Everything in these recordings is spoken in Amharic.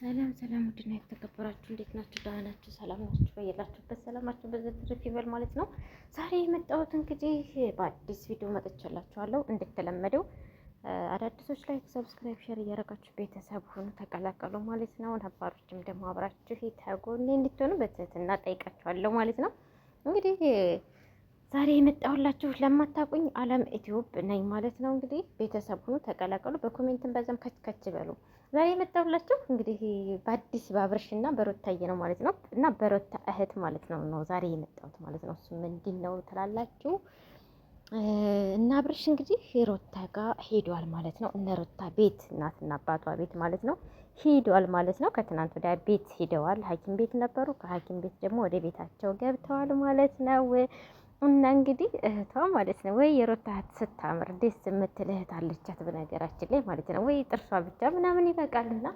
ሰላም ሰላም፣ ውድና የተከበራችሁ እንዴት ናችሁ? ደህና ናችሁ? ሰላም ናችሁ? በያላችሁበት ሰላማችሁ በዝርዝር ትርፍ ይበል ማለት ነው። ዛሬ የመጣሁት እንግዲህ በአዲስ ቪዲዮ መጥቻላችኋለሁ። እንደተለመደው አዳዲሶች ላይ ሰብስክራይብ፣ ሼር እያደረጋችሁ ቤተሰብ ሁኑ ተቀላቀሉ ማለት ነው። ነባሮችም ደግሞ አብራችሁ ተጎኔ እንድትሆኑ በትህትና ጠይቃችኋለሁ ማለት ነው እንግዲህ ዛሬ የመጣሁላችሁ ለማታቁኝ አለም ኢትዮጵ ነኝ ማለት ነው። እንግዲህ ቤተሰብ ሁኑ ተቀላቀሉ፣ በኮሜንትን በዛም ከች ከች በሉ። ዛሬ የመጣሁላችሁ እንግዲህ በአዲስ ባብርሽ እና በሮታዬ ነው ማለት ነው እና በሮታ እህት ማለት ነው ነው ዛሬ የመጣሁት ማለት ነው። እሱ ምንድን ነው ትላላችሁ? እና ብርሽ እንግዲህ ሮታ ጋር ሄዷል ማለት ነው። እነ ሮታ ቤት እናትና አባቷ ቤት ማለት ነው ሄዷል ማለት ነው። ከትናንት ወዲያ ቤት ሄደዋል፣ ሐኪም ቤት ነበሩ። ከሐኪም ቤት ደግሞ ወደ ቤታቸው ገብተዋል ማለት ነው። እና እንግዲህ እህቷ ማለት ነው ወይ የሮታ እህት ስታምር ደስ የምትል እህት አለቻት፣ በነገራችን ላይ ማለት ነው ወይ ጥርሷ ብቻ ምናምን ይበቃልና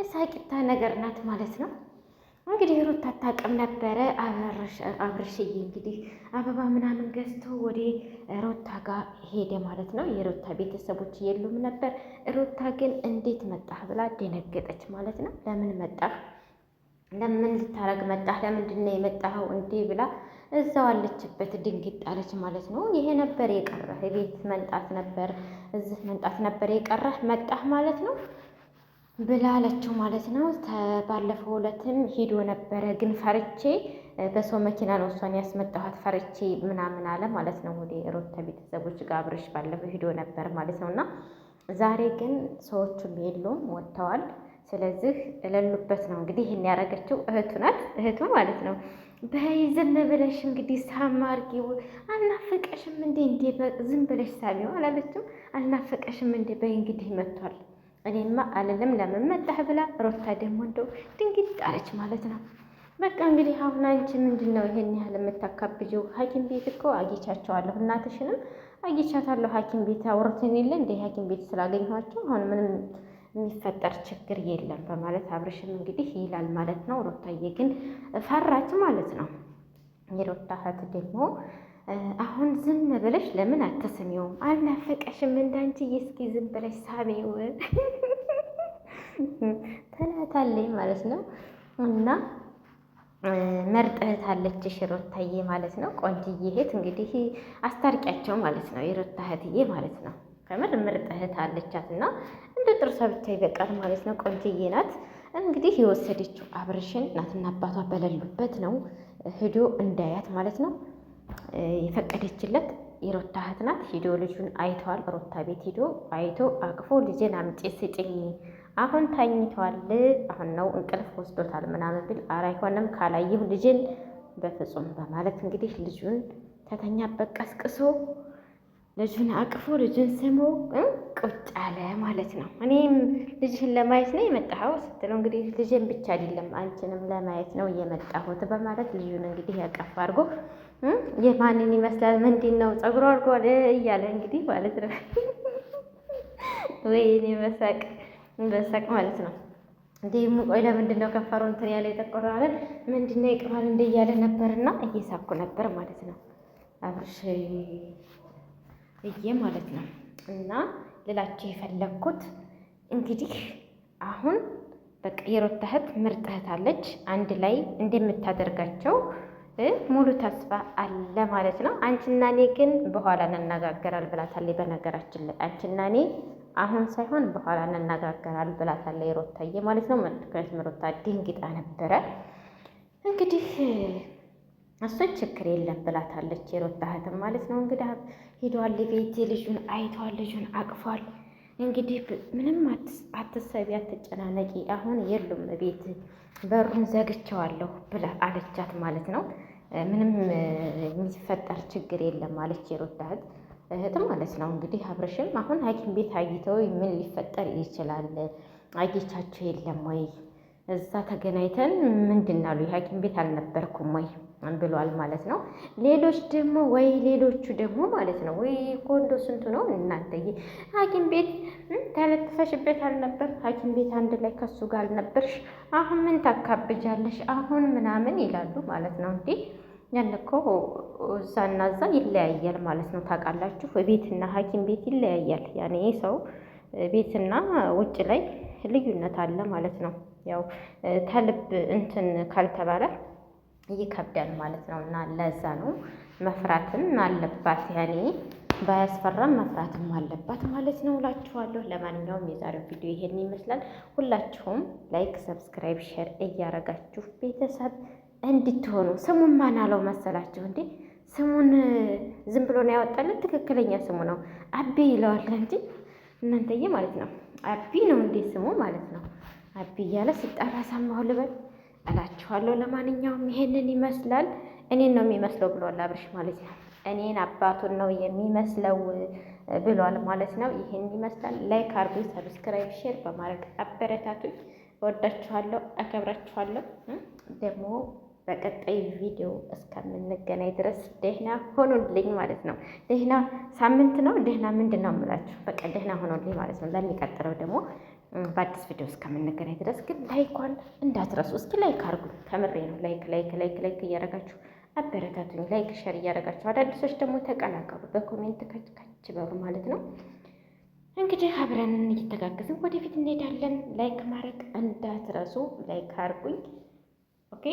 የሳቂታ ነገር ናት ማለት ነው። እንግዲህ ሩታ አታውቅም ነበረ። አብርሽዬ እንግዲህ አበባ ምናምን ገዝቶ ወደ ሩታ ጋር ሄደ ማለት ነው። የሩታ ቤተሰቦች የሉም ነበር። ሩታ ግን እንዴት መጣህ ብላ ደነገጠች ማለት ነው። ለምን መጣህ? ለምን ልታረግ መጣህ? ለምንድን ነው የመጣኸው? እንዴ ብላ እዛው አለችበት ድንግጥ አለች ማለት ነው። ይሄ ነበር የቀረህ ቤት መንጣት ነበር እዚህ መንጣት ነበር የቀረህ መጣህ ማለት ነው ብላለችው ማለት ነው። ባለፈው ዕለትም ሂዶ ነበረ ግን ፈርቼ በሰው መኪና ነው እሷን ያስመጣኋት ፈርቼ ምናምን አለ ማለት ነው። ወደ ሮተ ቤተሰቦች ጋር አብረሽ ባለፈው ሂዶ ነበር ማለት ነው እና ዛሬ ግን ሰዎቹም የሉም ወጥተዋል። ስለዚህ እለሉበት ነው እንግዲህ ይህን ያደረገችው እህቱ ናት፣ እህቱ ማለት ነው። በይ ዝም ብለሽ እንግዲህ ሳም አድርጊው፣ አልናፈቀሽም እንዴ? እንዴ ዝም ብለሽ ሳሚው አላለችም? አልናፈቀሽም እንዴ? በይ እንግዲህ መጥቷል፣ እኔማ አልልም ለምን መጣህ ብላ ሮታ ደግሞ እንደው ድንግጥ አለች ማለት ነው። በቃ እንግዲህ አሁን አንቺ ምንድን ነው ይሄን ያህል የምታካብጂው? ሐኪም ቤት እኮ አግኝቻቸዋለሁ፣ እናትሽንም አግኝቻታለሁ ሐኪም ቤት አውርተን የለ እንደ ሐኪም ቤት ስላገኘኋቸው አሁን ምንም የሚፈጠር ችግር የለም በማለት አብርሽም እንግዲህ ይላል ማለት ነው። ሩታዬ ግን ፈራች ማለት ነው። የሩታ እህት ደግሞ አሁን ዝም ብለሽ ለምን አትስሚውም? አልናፈቀሽም? እንዳንቺ እስኪ ዝም ብለሽ ሳሚው ትላታለች ማለት ነው እና መርጠህት አለችሽ ሩታዬ ማለት ነው። ቆንጅዬ እህት እንግዲህ አስታርቂያቸው ማለት ነው። የሩታ እህትዬ ማለት ነው። ከምር ምርጥ እህት አለቻት እና እንደ ጥርሷ ብቻ ይበቃል ማለት ነው። ቆንጅዬ ናት። እንግዲህ የወሰደችው አብርሽን እናትና አባቷ በሌሉበት ነው ሂዶ እንዳያት ማለት ነው የፈቀደችለት የሮታ እህት ናት። ሂዶ ልጁን አይተዋል። ሮታ ቤት ሂዶ አይቶ አቅፎ ልጅን አምጪ ስጭኝ፣ አሁን ታኝተዋል፣ አሁን ነው እንቅልፍ ወስዶታል ምናምን ቢል ኧረ አይሆንም ካላየሁ ልጅን በፍጹም በማለት እንግዲህ ልጁን ተተኛበት ቀስቅሶ ልጁን አቅፎ ልጁን ስሞ ቁጭ አለ ማለት ነው። እኔም ልጅህን ለማየት ነው የመጣኸው ስትለው እንግዲህ ልጅን ብቻ አይደለም አንቺንም ለማየት ነው የመጣሁት በማለት ልጁን እንግዲህ ያቀፍ አድርጎ የማንን ይመስላል ምንድን ነው ጸጉሮ አድርጓል እያለ እንግዲህ ማለት ነው። ወይኔ በሳቅ በሳቅ ማለት ነው። እንዲህም ቆይ ለምንድን ነው ከፋሩ እንትን ያለ የጠቆረ አለ ምንድን ነው ይቅማል እንደ እያለ ነበርና እየሳኩ ነበር ማለት ነው አብርሽ ብዬ ማለት ነው እና ልላችሁ የፈለግኩት እንግዲህ አሁን በቃ የሮታ እህት ምርጥ እህት አለች። አንድ ላይ እንደምታደርጋቸው ሙሉ ተስፋ አለ ማለት ነው። አንቺና እኔ ግን በኋላ እንነጋገራል ብላታለች። በነገራችን ላይ አንቺና እኔ አሁን ሳይሆን በኋላ እንነጋገራል ብላታለች ሮታዬ ማለት ነው። ምክንያቱም ሮታ ድንግጣ ነበረ እንግዲህ እሱ ችግር የለም ብላታለች። የሮታ እህትም ማለት ነው እንግዲህ ሂዷል ቤት ልጁን አይቷል፣ ልጁን አቅፏል። እንግዲህ ምንም አትሰቢ፣ አትጨናነቂ፣ አሁን የሉም ቤት በሩን ዘግቸዋለሁ ብላ አለቻት ማለት ነው። ምንም የሚፈጠር ችግር የለም አለች የሮታ እህት እህት ማለት ነው እንግዲህ አብረሽም አሁን ሐኪም ቤት አይተው ምን ሊፈጠር ይችላል? አግኝቻቸው የለም ወይ? እዛ ተገናኝተን ምንድን አሉ? የሐኪም ቤት አልነበርኩም ወይ ብሏል ማለት ነው። ሌሎች ደግሞ ወይ ሌሎቹ ደግሞ ማለት ነው ወይ ኮንዶ ስንቱ ነው እናንተዬ። ሐኪም ቤት ተለጥፈሽበት አልነበር? ሐኪም ቤት አንድ ላይ ከሱ ጋር አልነበርሽ? አሁን ምን ታካብጃለሽ? አሁን ምናምን ይላሉ ማለት ነው። እንዴ ያን እኮ እዛና እዛ ይለያያል ማለት ነው። ታውቃላችሁ፣ ቤትና ሐኪም ቤት ይለያያል። ያኔ ሰው ቤትና ውጭ ላይ ልዩነት አለ ማለት ነው። ያው ተልብ እንትን ካልተባለ ይከብዳል ማለት ነው። እና ለዛ ነው መፍራትም አለባት ያኔ ባያስፈራም መፍራትም አለባት ማለት ነው እላችኋለሁ። ለማንኛውም የዛሬው ቪዲዮ ይሄን ይመስላል። ሁላችሁም ላይክ፣ ሰብስክራይብ፣ ሼር እያረጋችሁ ቤተሰብ እንድትሆኑ ስሙን ማን አለው መሰላችሁ እንዴ? ስሙን ዝም ብሎ ነው ያወጣልን። ትክክለኛ ስሙ ነው አቢ ይለዋል እንጂ እናንተዬ ማለት ነው አቢ ነው እንዴ ስሙ ማለት ነው። አቢ እያለ ሲጠራ ሰማሁ ልበል እላችኋለሁ። ለማንኛውም ይሄንን ይመስላል። እኔን ነው የሚመስለው ብሏል አብርሽ ማለት ነው። እኔን አባቱን ነው የሚመስለው ብሏል ማለት ነው። ይሄን ይመስላል። ላይክ አርጉ፣ ሰብስክራይብ፣ ሼር በማድረግ አበረታቱኝ። እወዳችኋለሁ፣ አከብራችኋለሁ። ደግሞ በቀጣይ ቪዲዮ እስከምንገናኝ ድረስ ደህና ሆኖልኝ ማለት ነው። ደህና ሳምንት ነው። ደህና ምንድን ነው የምላችሁ? በቃ ደህና ሆኖልኝ ማለት ነው። ለሚቀጥለው ደግሞ በአዲስ ቪዲዮ እስከምንገናኝ ድረስ ግን ላይኳን እንዳትረሱ። እስኪ ላይክ አርጉ፣ ከምሬ ነው። ላይክ ላይክ ላይክ ላይክ እያደረጋችሁ አበረታቱኝ። ላይክ ሸር እያደረጋችሁ አዳዲሶች ደግሞ ተቀላቀሉ። በኮሜንት ከች ከች በሉ ማለት ነው። እንግዲህ አብረን እየተጋገዝን ወደፊት እንሄዳለን። ላይክ ማድረግ እንዳትረሱ። ላይክ አርጉኝ። ኦኬ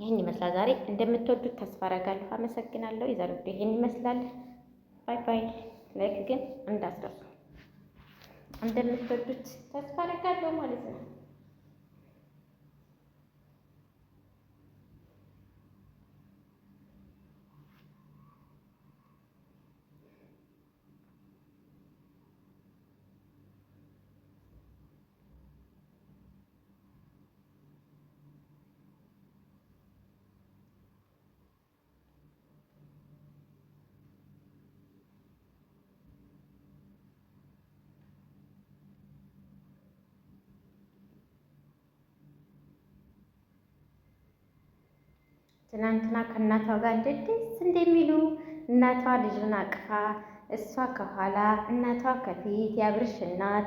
ይህን ይመስላል ዛሬ። እንደምትወዱት ተስፋ አደርጋለሁ። አመሰግናለሁ። የዛሬ ይህን ይመስላል። ባይ ባይ። ላይክ ግን እንዳትረሱ። እንደምትወዱት ተስፋ አደርጋለሁ ማለት ነው። ትናንትና ከእናቷ ጋር እንዴት ደስ እንደሚሉ እናቷ ልጁን አቅፋ እሷ ከኋላ እናቷ ከፊት የአብርሽ እናት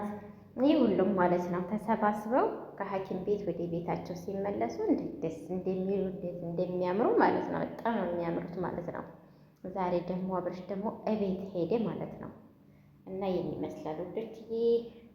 ይህ ሁሉም ማለት ነው ተሰባስበው ከሐኪም ቤት ወደ ቤታቸው ሲመለሱ እንዴት ደስ እንደሚሉ እንዴት እንደሚያምሩ ማለት ነው። በጣም ነው የሚያምሩት ማለት ነው። ዛሬ ደግሞ አብርሽ ደግሞ እቤት ሄደ ማለት ነው እና የሚመስላሉ ይመስላል